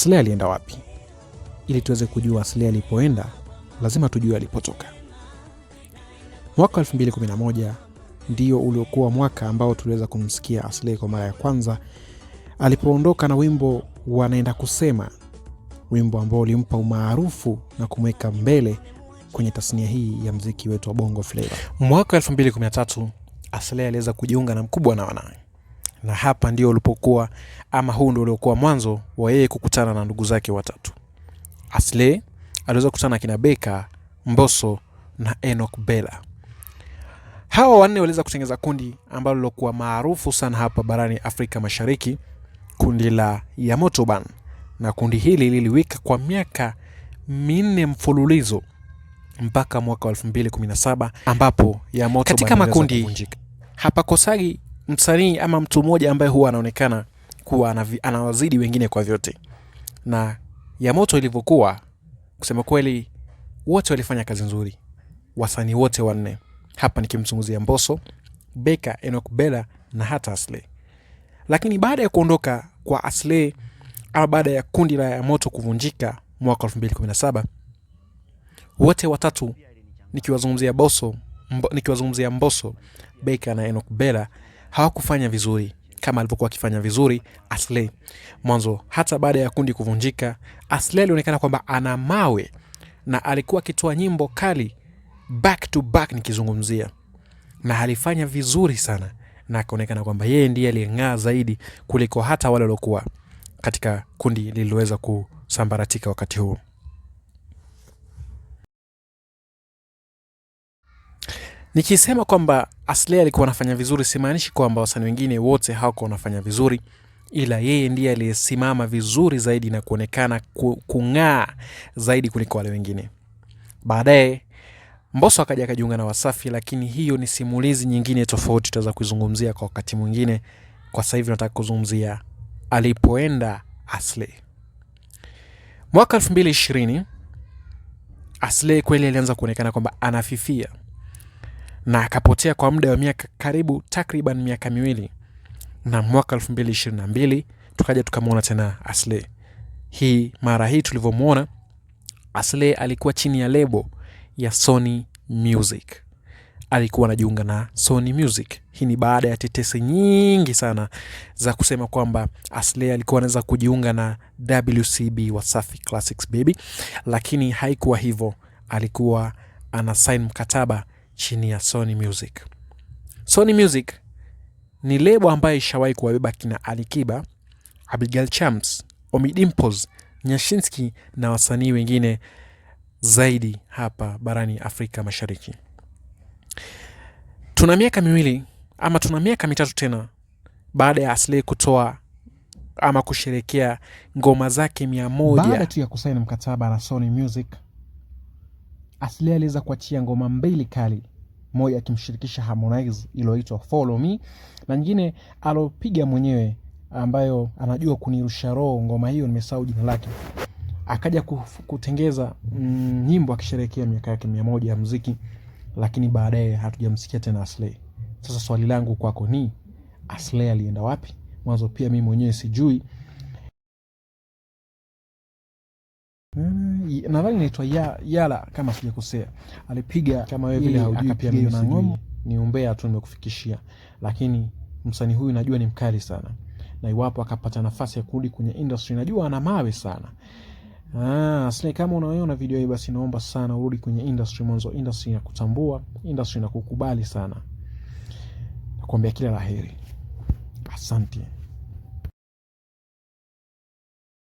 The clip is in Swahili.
Asle alienda wapi? Ili tuweze kujua asle alipoenda, lazima tujue alipotoka. Mwaka 2011 ndio uliokuwa mwaka ambao tuliweza kumsikia Asle kwa mara ya kwanza alipoondoka na wimbo wanaenda kusema, wimbo ambao ulimpa umaarufu na kumweka mbele kwenye tasnia hii ya mziki wetu wa Bongo Flava. Mwaka 2013 asle aliweza kujiunga na Mkubwa na Wanawe na hapa ndio ulipokuwa ama huu ndio uliokuwa mwanzo wa yeye kukutana na ndugu zake watatu. Asley aliweza kukutana na kina Beka, Mboso na Enoch Bella. Hawa wanne waliweza kutengeza kundi ambalo lilokuwa maarufu sana hapa barani Afrika Mashariki, kundi la Yamotoban, na kundi hili liliwika kwa miaka minne mfululizo mpaka mwaka wa 2017 ambapo Yamotoban katika makundi hapakosagi msanii ama mtu mmoja ambaye huwa anaonekana kuwa anawazidi wengine kwa vyote. Na ya moto ilivyokuwa, kusema kweli, wote walifanya kazi nzuri, wasanii wote wanne hapa nikimzungumzia mboso Beka, Enoch Bella na hata asle Lakini baada ya kuondoka kwa asle ama baada ya kundi la ya moto kuvunjika mwaka 2017 wote watatu nikiwazungumzia Boso, mbo, nikiwazungumzia mboso Beka na Enoch Bella hawakufanya vizuri kama alivyokuwa akifanya vizuri Asley mwanzo. Hata baada ya kundi kuvunjika, Asley alionekana kwamba ana mawe na alikuwa akitoa nyimbo kali back to back, nikizungumzia na alifanya vizuri sana, na akaonekana kwamba yeye ndiye aliyeng'aa zaidi kuliko hata wale waliokuwa katika kundi lililoweza kusambaratika wakati huo. Nikisema kwamba Aslay alikuwa anafanya vizuri, simaanishi kwamba wasanii wengine wote hawakuwa wanafanya vizuri, ila yeye ndiye aliyesimama vizuri zaidi na kuonekana kung'aa zaidi kuliko wale wengine. Baadaye Mbosso akaja akajiunga na Wasafi, lakini hiyo ni simulizi nyingine tofauti, tutaweza kuizungumzia kwa wakati mwingine. Kwa sasa hivi nataka kuzungumzia alipoenda Aslay mwaka elfu mbili ishirini Aslay kweli alianza kuonekana kwamba anafifia na akapotea kwa muda wa miaka karibu takriban miaka miwili, na mwaka 2022 tukaja tukamwona tena asle Hii mara hii tulivyomwona asle alikuwa chini ya lebo ya Sony Music, alikuwa anajiunga na Sony Music. Hii ni baada ya tetesi nyingi sana za kusema kwamba asle alikuwa anaweza kujiunga na WCB Wasafi Classics Baby, lakini haikuwa hivyo. Alikuwa ana mkataba chini ya Sony Music. Sony Music ni lebo ambayo ishawahi kuwabeba kina Alikiba, Abigail Chams, Ommy Nyashinski na wasanii wengine zaidi hapa barani Afrika Mashariki. Tuna miaka miwili ama tuna miaka mitatu tena baada ya Aslay kutoa ama kusherekea ngoma zake mia moja baada tu ya kusaini mkataba na Sony Music. Aslay aliweza kuachia ngoma mbili kali, moja akimshirikisha Harmonize iliyoitwa Follow Me na nyingine alopiga mwenyewe ambayo anajua kunirusha roho. Ngoma hiyo nimesahau jina lake. Akaja kutengeza mm, nyimbo akisherehekea miaka yake mia moja ya muziki, lakini baadaye hatujamsikia tena Aslay. Sasa swali langu kwako ni Aslay alienda wapi? Mwanzo pia mimi mwenyewe sijui. nadhani inaitwa Yala kama sijakosea, alipiga kama wewe vile haujui pia mimi na ngoma ni umbea tu nimekufikishia, lakini msanii huyu najua ni mkali sana, na iwapo akapata nafasi ya kurudi kwenye industry, najua ana mawe sana. Ah, Slay, kama unaona video hii, basi naomba sana urudi kwenye industry mwanzo. Industry inakutambua, industry inakukubali sana. Nakwambia kila laheri, asante.